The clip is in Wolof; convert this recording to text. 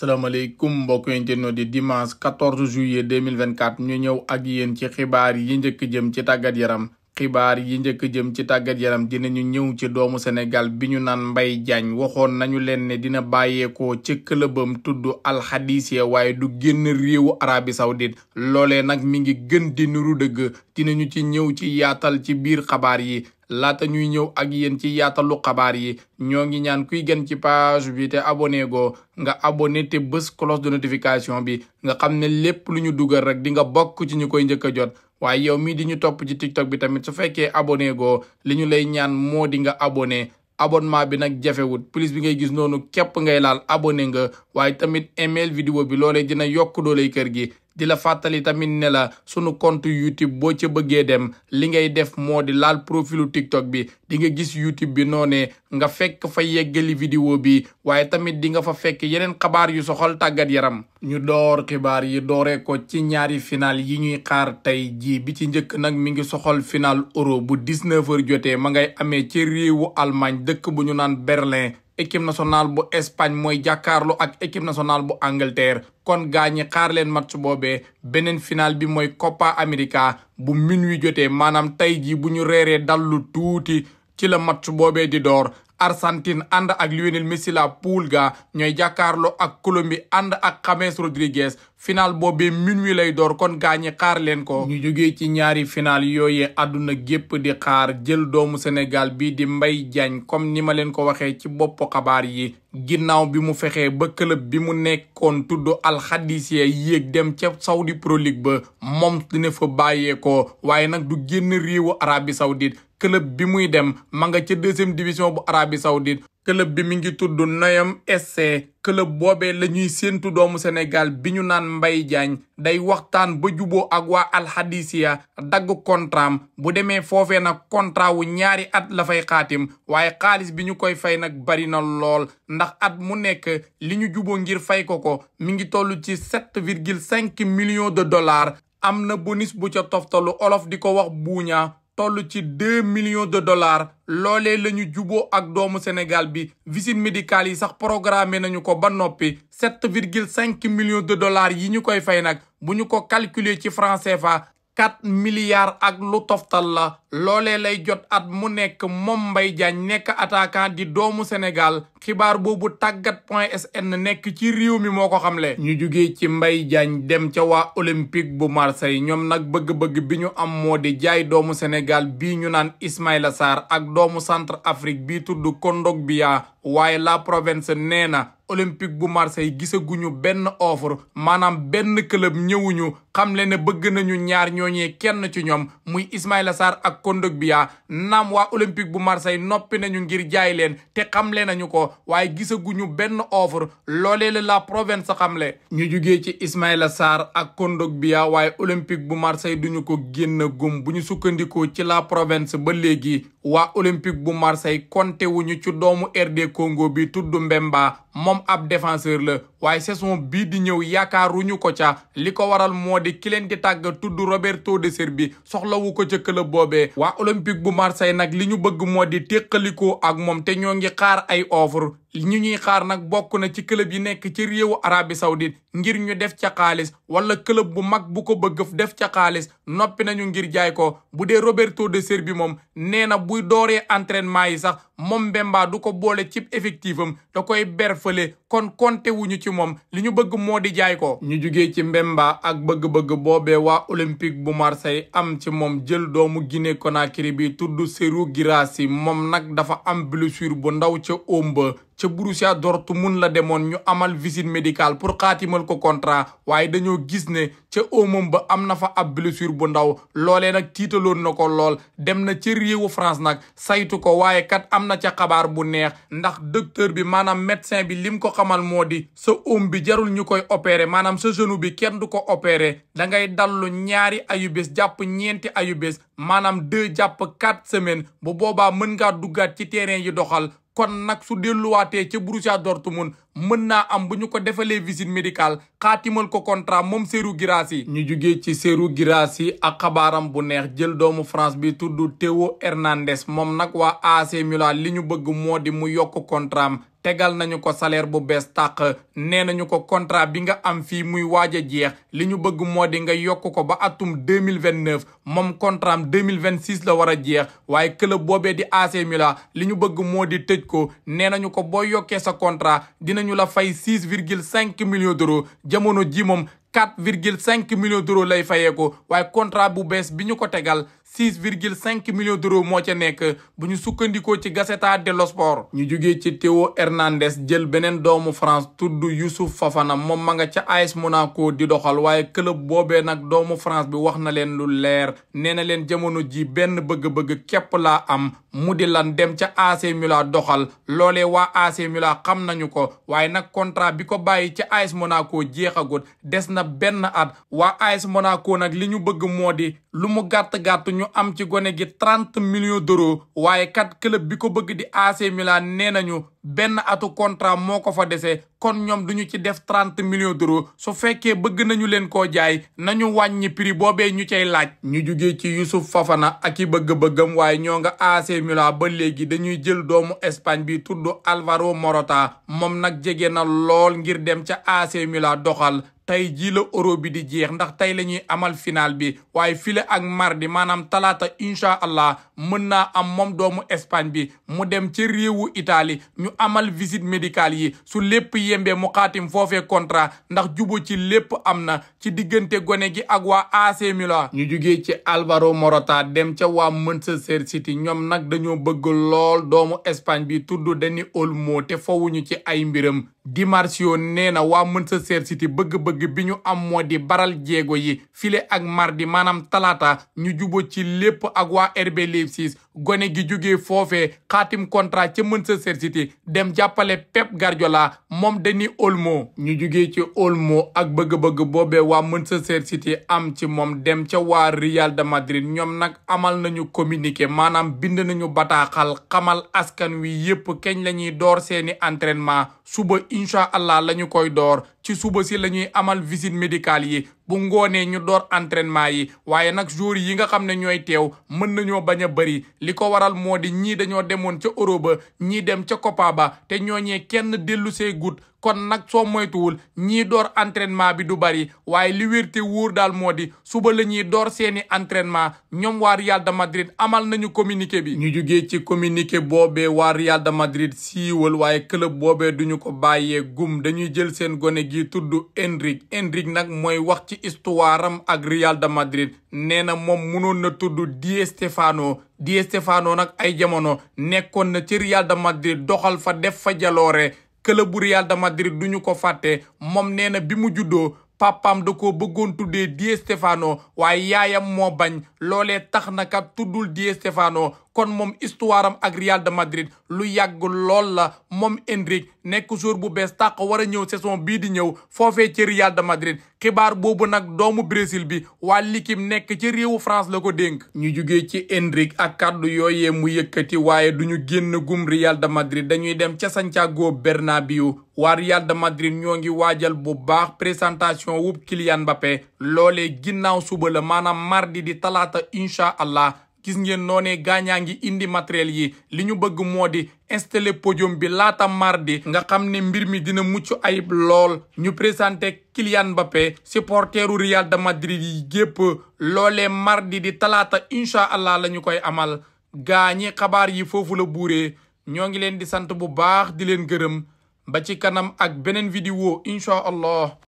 salaamaaleykum mbokk internet di dimanche 14 juillet 2024 ñu ñëw ak yéen ci xibaar yi njëkk jëm ci tàggat yaram xibaar yi njëkk jëm ci tàggat yaram dinañu ñëw ci doomu Sénégal bi ñu naan mbay Diagne waxoon nañu leen ne dina bàyyeekoo ci clubam tudd Al Hadithia waaye du génn réewu Arabie Saoudite loole nag mi ngi gën di niru dëgg dinañu ci ñëw ci yaatal ci biir xabaar yi laata ñuy ñëw ak yéen ci yaatalu xabaar yi ñoo ngi ñaan kuy gën ci page bi te abonné go nga abonné te bés cloche de notification bi nga xam ne lépp lu ñu dugal rek di nga bokk ci ñu koy njëkk a jot waaye yow mii di ñu topp ci tiktok bi tamit su fekkee abonné go li ñu lay ñaan moo di nga abonné abonnement bi nag jafewut plus bi ngay gis noonu képp ngay laal abonné nga waaye tamit email vidéo bi loolee dina yokk lay kër gi di la fàttali tamit ne la sunu compte YouTube boo ci bëggee dem li ngay def moo di laal profilu TikTok bi di nga gis YouTube bi noonee nga fekk fa yeggali vidéo bi waaye tamit di nga fa fekk yeneen xabaar yu soxal tàggat yaram. ñu door xibaar yi dooree ko ci ñaari final yi ñuy xaar tey jii bi ci njëkk nag mi ngi soxal final euro bu 19 heures jotee ma ngay amee ci réewu almaañ dëkk bu ñu naan Berlin. équipe nationale bu Espagne mooy jàkkaarloo ak équipe nationale bu Angleterre kon gaa ñi xaar leen match boobee beneen final bi mooy Copa America bu minuit jotee maanaam tey jii bu ñu reeree dallu tuuti ci la match boobee di door Argentine ànd ak Lionel Messi la poule ga ñooy jàkkaarloo ak Colombie ànd ak James Rodriguez final boobee minuit lay door kon gaa kaar leen ko. ñu jógee ci ñaari final yooyee àdduna gépp di xaar jël doomu Sénégal bi di Mbaye Diagne comme ni ma leen ko waxee ci boppu xabaar yi. ginnaaw bi mu fexee ba club bi mu nekkoon tudd Al Hadithia yéeg dem ca Saudi Pro League ba moom dina fa bàyyee ko waaye nag du génn réewu Arabie Saoudite. club bi muy dem ma nga ca deuxième division bu Arabie Saoudite club bi mi ngi tudd Noyam SC club boobee la ñuy séentu doomu Sénégal bi ñu naan Mbaye Diagne day waxtaan ba juboo ak waa Al Hadithia dagg kontraam bu demee foofe nag contrat wu ñaari at la xaatim waaye xaalis bi ñu koy fay nag bari na lool ndax at mu nekk li ñu juboo ngir fay ko ko mi ngi toll ci sept virgule cinq million de dollars am na bonus bu ca toftalu olof di ko wax buuñaa toll ci deux millions de dollars loole la ñu juboo ak doomu Sénégal bi visite médicale yi sax programmé nañu ko ba noppi sept virgule cinq millions de dollars yi ñu koy fay nag bu ñu ko calculer ci franc CFA quatre milliards ak lu toftal la loolee lay jot at mu nekk moom mbay Diagne nekk attaquant di doomu Sénégal xibaar boobu tàggat point n nekk ci réew mi moo ko xamle. ñu jugee ci mbay Diagne dem ca waa olympique bu Marseille ñoom nag bëgg-bëgg bi ñu am moo di jaay doomu Sénégal bii ñu naan Ismaïla Sarr ak doomu centre Afrique bii tudd Kondogbia waaye la province nee na olympique bu marseille gisaguñu benn offre maanaam benn club ñëwuñu xam le ne bëgg nañu ñaar ñooñee kenn ci ñoom muy Ismaïla Sarr ak Kondogbia naam waa olympique bu marseille noppi nañu ngir jaay leen te xamle nañu ko waaye gisaguñu benn offre loolee la la Provence xamle ñu jugee ci Ismaïla Sarr ak Kondogbia waaye olympique bu marseille duñu ko génn gum bu ñu sukkandikoo ci la Provence ba léegi waa olympique bu marseille konte wuñu ci doomu RD Congo bi tudd Mbemba moom ab defenseur la waaye saison bii di ñëw yaakaaruñu ko ca li ko waral moo di ki leen di tàgg tudd Roberto de Serbi soxlawu ko ca club boobee waa olympique bu marseille nag li ñu bëgg moo di téqalikoo ak moom te ñoo ngi xaar ay offre ñu ñuy xaar nag bokk na ci club yi nekk ci réewu Arabie Saoudite ngir ñu def ca xaalis wala club bu mag bu ko bëgg def ca xaalis noppi nañu ngir jaay ko bu dee Roberto De Serbi moom nee na buy dooree entraînement yi sax moom Mbemba du ko boole cib effectif am da koy berfale kon konte wuñu ci moom li ñu bëgg moo di jaay ko. ñu jugee ci Mbemba ak bëgg-bëgg boobee waa Olympique bu Marseille am ci moom jël doomu Guinée Conakry bi tudd Serhou Guirassy moom nag dafa am blessure bu ndaw ca omba ca Borussia mun la demoon ñu amal visite médicale pour xaatimal ko contrat waaye dañoo gis ne ca omam ba am na fa ab bu ndaw loolee nag tiitaloon na ko lool dem na ca réewu France nag saytu ko waaye kat am na ca xabaar bu neex ndax docteur bi maanaam médecin bi lim ko xamal moo di sa om bi jarul ñu koy opérer maanaam sa genou bi kenn du ko opérer dangay ngay dallu ñaari ayubés jàpp ñeenti ayubés maanaam de jàpp quatre semaines bu boobaa mën ngaa duggaat ci terrain yi doxal kon nag su delluwaatee ca Borussia Dortmund mën naa am bu ñu ko defalee visite médicale xaatimal ko contrat moom Serhou Guirassy ñu jugee ci Serhou Guirassy ak xabaaram bu neex jël doomu France bi tudd Théo Hernandez moom nag waa AC Milan li ñu bëgg moo di mu yokk contrat am tegal nañu ko salaire bu bees tàq nee nañu ko contrat bi nga am fii muy waaj a jeex li ñu bëgg moo di nga yokk ko ba atum deux mille vingt neuf moom contrat am deux mille vingt six la war a jeex waaye club boobee di AC Milan li ñu bëgg moo di tëj ko nee nañu ko boo yokkee sa contrat dinañu la fay six virgule cinq millions d'euros jamono ji moom quatre virgule cinq millions d'euros lay fayee ko waaye contrat bu bees bi ñu ko tegal. six virgule cinq millions d'euros moo ca nekk bu ñu sukkandikoo ci Gazzetta dello Sport ñu jugee ci Théo Hernandez jël beneen doomu France tudd Youssouf Fofana moom ma nga ca AS Monaco di doxal waaye club boobee nag doomu France bi wax na leen lu leer nee na leen jamono ji benn bëgg-bëgg képp laa am mu di lan dem ca AC Milan doxal loole waa AC Milan xam nañu ko waaye nag contrat bi ko bàyyi ca AS Monaco jeexagut des na benn at waa AS Monaco nag li ñu bëgg moo di lu mu gàtt-gàtt ñu am ci gone gi trente millions d'euros waaye kat club bi ko bëgg di AC Milan nee nañu benn atu contrat moo ko fa dese kon ñoom duñu ci def trente millions d'euros su fekkee bëgg nañu leen koo jaay nañu wàññi prix boobee ñu cay laaj ñu jugee ci Youssouf Fofana ak i bëgg-bëggam waaye ñoo nga AC Milan ba léegi dañuy jël doomu Espagne bi tudd Alvaro Morata moom nag jege na lool ngir dem ca AC Milan doxal tey jii la bi di jeex ndax tey la ñuy amal final bi waaye file ak mardi maanaam talaata incha allah mën naa am moom doomu Espagne bi mu dem ci réewu itali ñu amal visite médicale yi su lépp yembe mu xaatim foofee contrat ndax jubu ci lépp am na ci diggante gone gi ak waa AC ñu jugee ci Alvaro Morata dem ca waa Manchester City ñoom nag dañoo bëgg lool doomu Espagne bi tudd Dani Olmo te fawuñu ci ay mbiram Di Marzio nee na waa Manchester City bëgg-bëgg bi ñu am moo di baral jéego yi file ak mardi maanaam talaata ñu jubo ci lépp ak waa RB Leipzig gone gi jógee foofee xaatim contrat ca Manchester City dem jàppale Pep Guardiola moom Dani Olmo ñu jógee ci Olmo ak bëgg-bëgg boobee waa Manchester City am ci moom dem ca waa Real de Madrid ñoom nag amal nañu communiqué maanaam bind nañu bataaxal xamal askan wi yépp keñ la ñuy door seeni entrainement suba incha allah la ñu koy door ci suba si la ñuy amal visite médicale yi bu ngoonee ñu door entraînement yi waaye nag jour yi nga xam ne ñooy teew mën nañoo bañ a bëri li ko waral moo di ñii dañoo demoon ca Europe ñii dem ca Copa ba te ñooñee kenn dellu see gut kon nag soo moytuwul ñii door entraînement bi du bari waaye li wér te daal moo di suba la ñuy door seeni entraînement ñoom waa Real de Madrid amal nañu communiqué bi. ñu jógee ci communiqué boobe waa Real de Madrid siiwal waaye club boobee duñu ko bàyyee gum dañuy jël seen gone gi tudd Endrick Endrick nag mooy wax ci histoire am ak Real de Madrid nee na moom mënoon na tudd Di Stéfano. Di Stéfano nag ay jamono nekkoon na ci Real de Madrid doxal fa def fa jaloore club bu Real de Madrid du ñu ko fàtte moom nee na bi mu juddoo papam da ko bëggoon tuddee Di Stéfano waaye yaayam moo bañ loolee tax na kat tuddul Di Stéfano kon moom histoire am ak Real de Madrid lu yàgg lool la moom Endrick nekk jour bu bees tàq wara a ñëw saison bii di ñëw foofee ci Real de Madrid xibaar boobu nag doomu Brésil bi waa l'équipe nekk ci réewu France la ko dénk. ñu jugee ci Endrick ak kàddu yooyee mu yëkkati waaye du ñu génn gum Real de Madrid dañuy dem ca Santiago Bernabéu waa Real de Madrid ñoo ngi waajal bu baax présentation wub Kylian Mbappé loolee ginnaaw suba la maanaam mardi di talaata incha allah. gis ngeen noonee gaañaa ngi indi matériel yi li ñu bëgg moo di installer podium bi laata mardi nga xam ne mbir mi dina mucc ayib lool ñu présenté Kylian Mbappé supporteru Real de Madrid yi gépp loolee mardi di talaata incha allah lañu koy amal gaañi xabaar yi foofu la buuree ñoo ngi leen di sant bu baax di leen gërëm ba ci kanam ak beneen vidéo incha allah